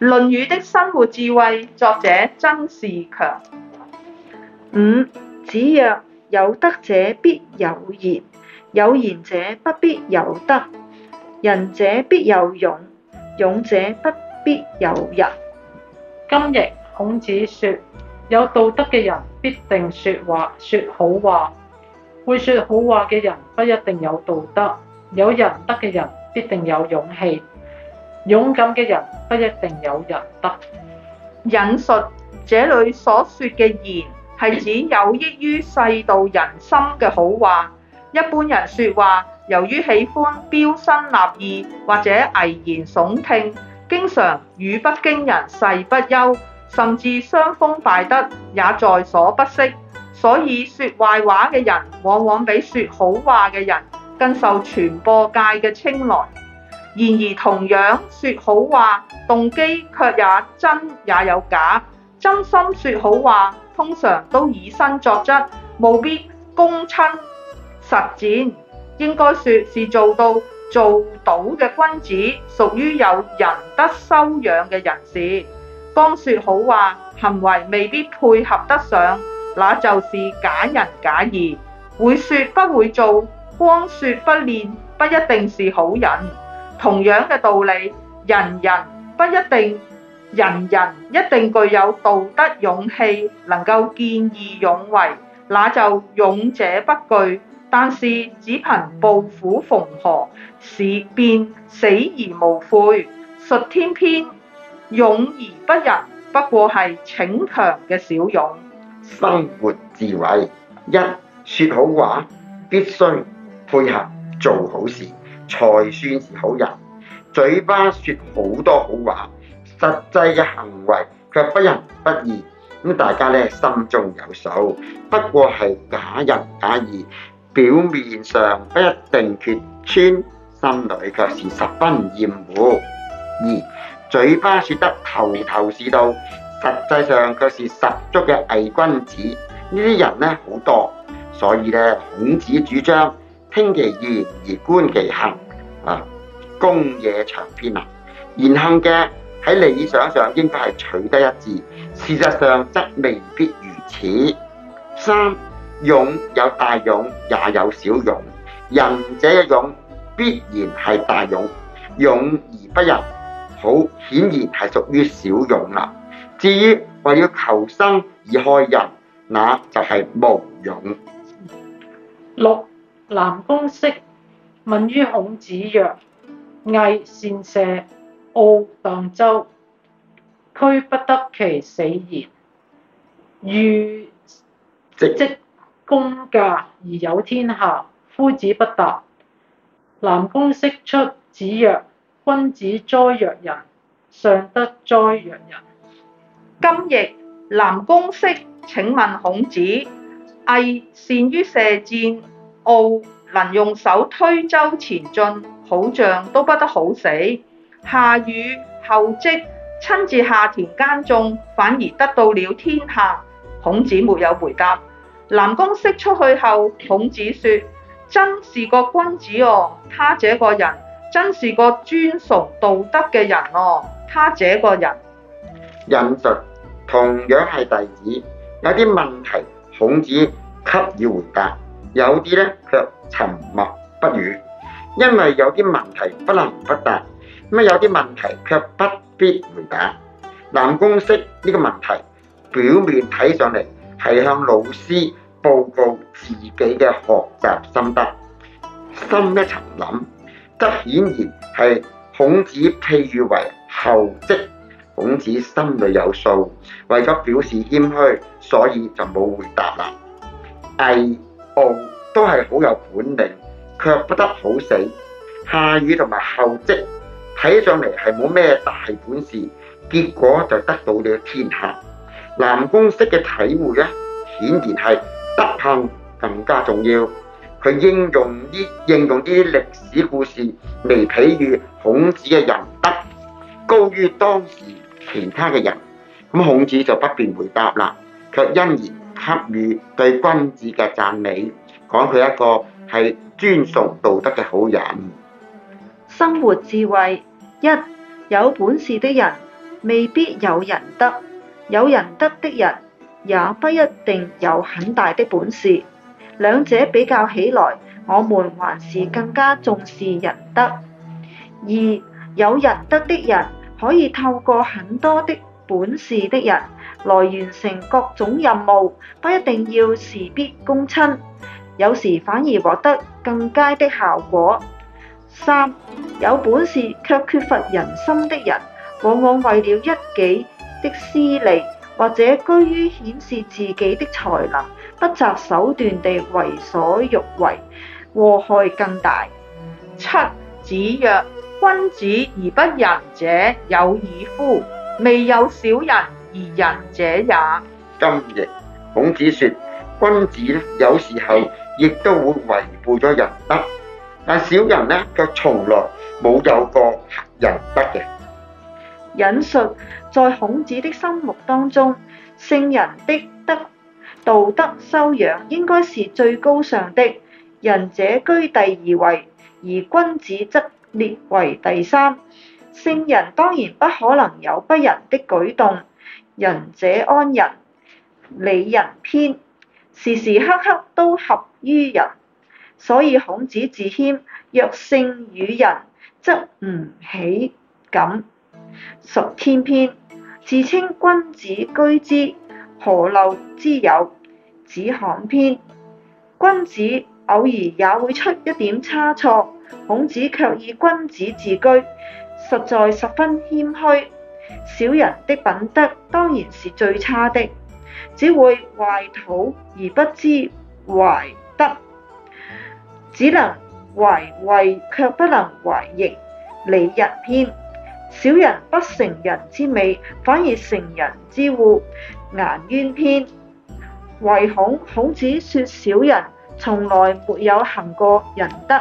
《論語》的生活智慧，作者曾仕強。五子曰：有德者必有言，有言者不必有德；仁者必有勇，勇者不必有仁。今日孔子說：有道德嘅人必定説話説好話，會説好話嘅人不一定有道德；有仁德嘅人必定有勇氣。勇敢嘅人不一定有仁德。引述，這裏所說嘅言係指有益於世道人心嘅好話。一般人說話，由於喜歡標新立異或者危言聳聽，經常語不驚人、誓不休，甚至傷風敗德也在所不惜。所以說壞話嘅人，往往比說好話嘅人更受傳播界嘅青睞。然而同樣説好話，動機卻也真也有假。真心説好話，通常都以身作則，務必躬親實踐。應該說是做到做到嘅君子，屬於有仁德修養嘅人士。光説好話，行為未必配合得上，那就是假仁假義，會説不會做，光説不練，不一定是好人。同樣嘅道理，人人不一定，人人一定具有道德勇氣，能夠見義勇為，那就勇者不懼。但是只憑暴虎馮河，事變死而無悔。《述天篇》勇而不仁，不過係逞強嘅小勇。生活智慧一，説好話必須配合做好事。才算是好人，嘴巴說好多好話，實際嘅行為卻不仁不義，咁大家咧，心中有數，不過係假仁假義，表面上不一定揭穿，心裏卻是十分厭惡，而嘴巴說得頭頭是道，實際上卻是十足嘅偽君子。呢啲人咧好多，所以咧，孔子主張聽其言而觀其行。啊，公也長篇啦。言行嘅喺理想上應該係取得一致，事實上則未必如此。三勇有大勇，也有小勇。仁者一勇必然係大勇，勇而不仁，好顯然係屬於小勇啦。至於為了求生而害人，那就係無勇。六南宮式。問於孔子曰：，羿善射，奡盪舟，俱不得其死然。欲禹稷躬稼而有天下，夫子不答。南宮適出，子曰：，君子哉若人！尚德哉若人！今亦南宮適，請問孔子：，羿善於射箭，奡。能用手推舟前進，好像都不得好死。夏禹后稷親自下田耕種，反而得到了天下。孔子沒有回答。南宮適出去後，孔子說：，真是個君子哦、啊，他這個人真是個尊崇道德嘅人哦、啊，他這個人。引述同樣係弟子，有啲問題，孔子給予回答。有啲咧卻沉默不語，因為有啲問題不能不答，咁有啲問題卻不必回答。南宮適呢個問題表面睇上嚟係向老師報告自己嘅學習心得，深一層諗則顯然係孔子譬喻為后稷，孔子心裏有數，為咗表示謙虛，所以就冇回答啦。偽、哎哦、都係好有本領，卻不得好死。夏禹同埋后稷睇上嚟係冇咩大本事，結果就得到了天下。南宮適嘅體會呢，顯然係德行更加重要。佢應用啲應用啲歷史故事，嚟譬喻孔子嘅仁德高於當時其他嘅人。咁孔子就不便回答啦，卻因而。給予對君子嘅讚美，講佢一個係尊崇道德嘅好人。生活智慧：一、有本事的人未必有仁德，有仁德的人也不一定有很大的本事。兩者比較起來，我們還是更加重視仁德。二、有仁德的人可以透過很多的本事的人，來完成各種任務，不一定要事必躬親，有時反而獲得更佳的效果。三、有本事卻缺乏人心的人，往往為了一己的私利或者居於顯示自己的才能，不擇手段地為所欲為，禍害更大。七、子曰：君子而不仁者有矣夫，未有小人。而仁者也，今亦孔子說，君子有時候亦都會違背咗仁德，但小人呢，卻從來冇有過仁德嘅引述。在孔子的心目當中，聖人的德道德修養應該是最高尚的，仁者居第二位，而君子則列為第三。聖人當然不可能有不仁的舉動。仁者安仁，里仁篇，時時刻刻都合於仁，所以孔子自謙，若聖與仁，則吾豈敢，述而篇，自稱君子居之，何陋之有？子罕篇，君子偶爾也會出一點差錯，孔子卻以君子自居，實在十分謙虛。小人的品德，當然是最差的，只會懷土而不知懷德，只能懷惠卻不能懷刑。里仁篇，小人不成人之美，反而成人之惡。顏淵篇，唯恐孔子說小人從來沒有行過仁德。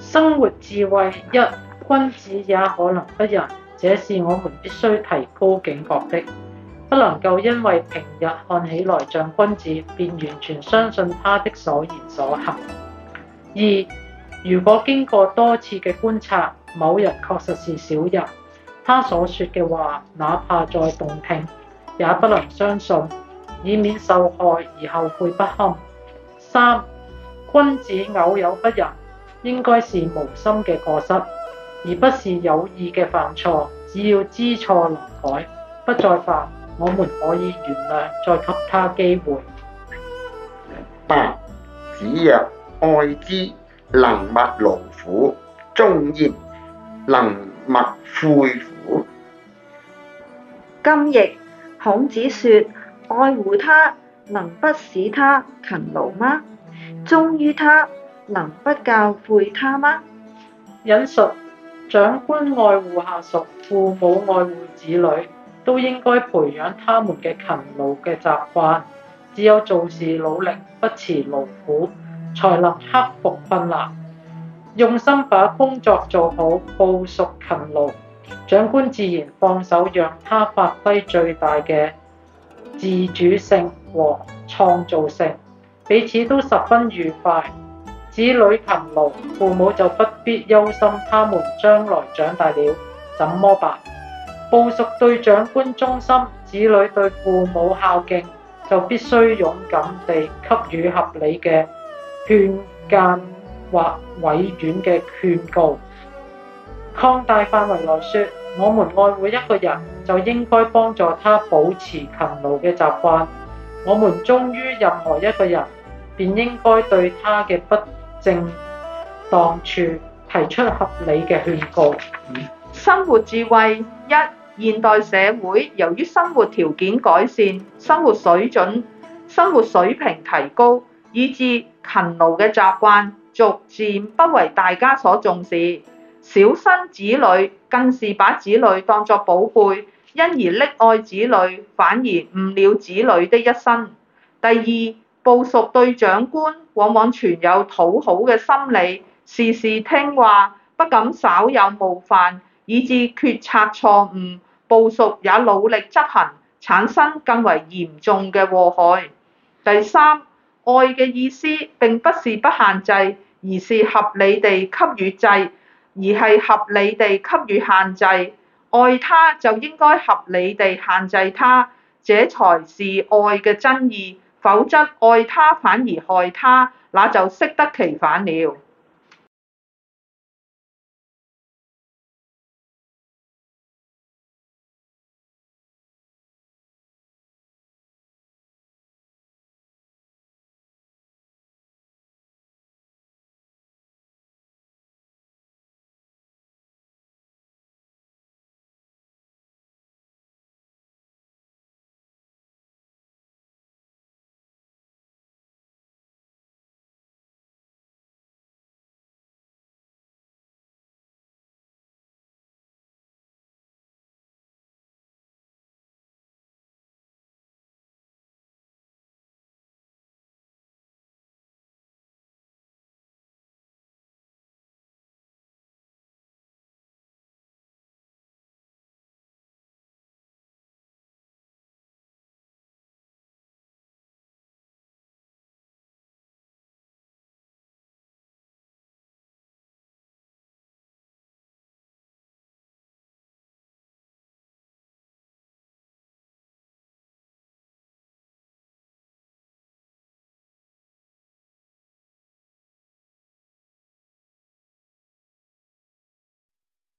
生活智慧，一，君子也可能不仁。這是我們必須提高警覺的，不能夠因為平日看起來像君子，便完全相信他的所言所行。二，如果經過多次嘅觀察，某人確實是小人，他所說嘅話，哪怕再動聽，也不能相信，以免受害而後悔不堪。三，君子偶有不仁，應該是無心嘅過失。而不是有意嘅犯錯，只要知錯能改，不再犯，我們可以原諒，再給他機會。八子曰：愛之能勿勞乎，忠焉能勿誨乎？今譯孔子說：愛護他能不使他勤勞嗎？忠於他能不教誨他嗎？引述。長官愛護下屬，父母愛護子女，都應該培養他們嘅勤勞嘅習慣。只有做事努力、不辭勞苦，才能克服困難。用心把工作做好，部屬勤勞，長官自然放手讓他發揮最大嘅自主性和創造性，彼此都十分愉快。子女勤勞，父母就不必憂心，他們將來長大了怎麼辦？部屬對長官忠心，子女對父母孝敬，就必須勇敢地給予合理嘅勸諫或委婉嘅勸告。擴大範圍來說，我們愛護一個人，就應該幫助他保持勤勞嘅習慣；我們忠於任何一個人，便應該對他嘅不正當處提出合理嘅勸告。生活智慧一：現代社會由於生活條件改善，生活水準、生活水平提高，以致勤勞嘅習慣逐漸不為大家所重視。少生子女更是把子女當作寶貝，因而溺愛子女，反而誤了子女的一生。第二，部屬對長官，往往存有討好嘅心理，事事聽話，不敢稍有冒犯，以致決策錯誤，部屬也努力執行，產生更為嚴重嘅禍害。第三，愛嘅意思並不是不限制，而是合理地給予制，而係合理地給予限制。愛他就應該合理地限制他，這才是愛嘅真義。否則，愛他反而害他，那就適得其反了。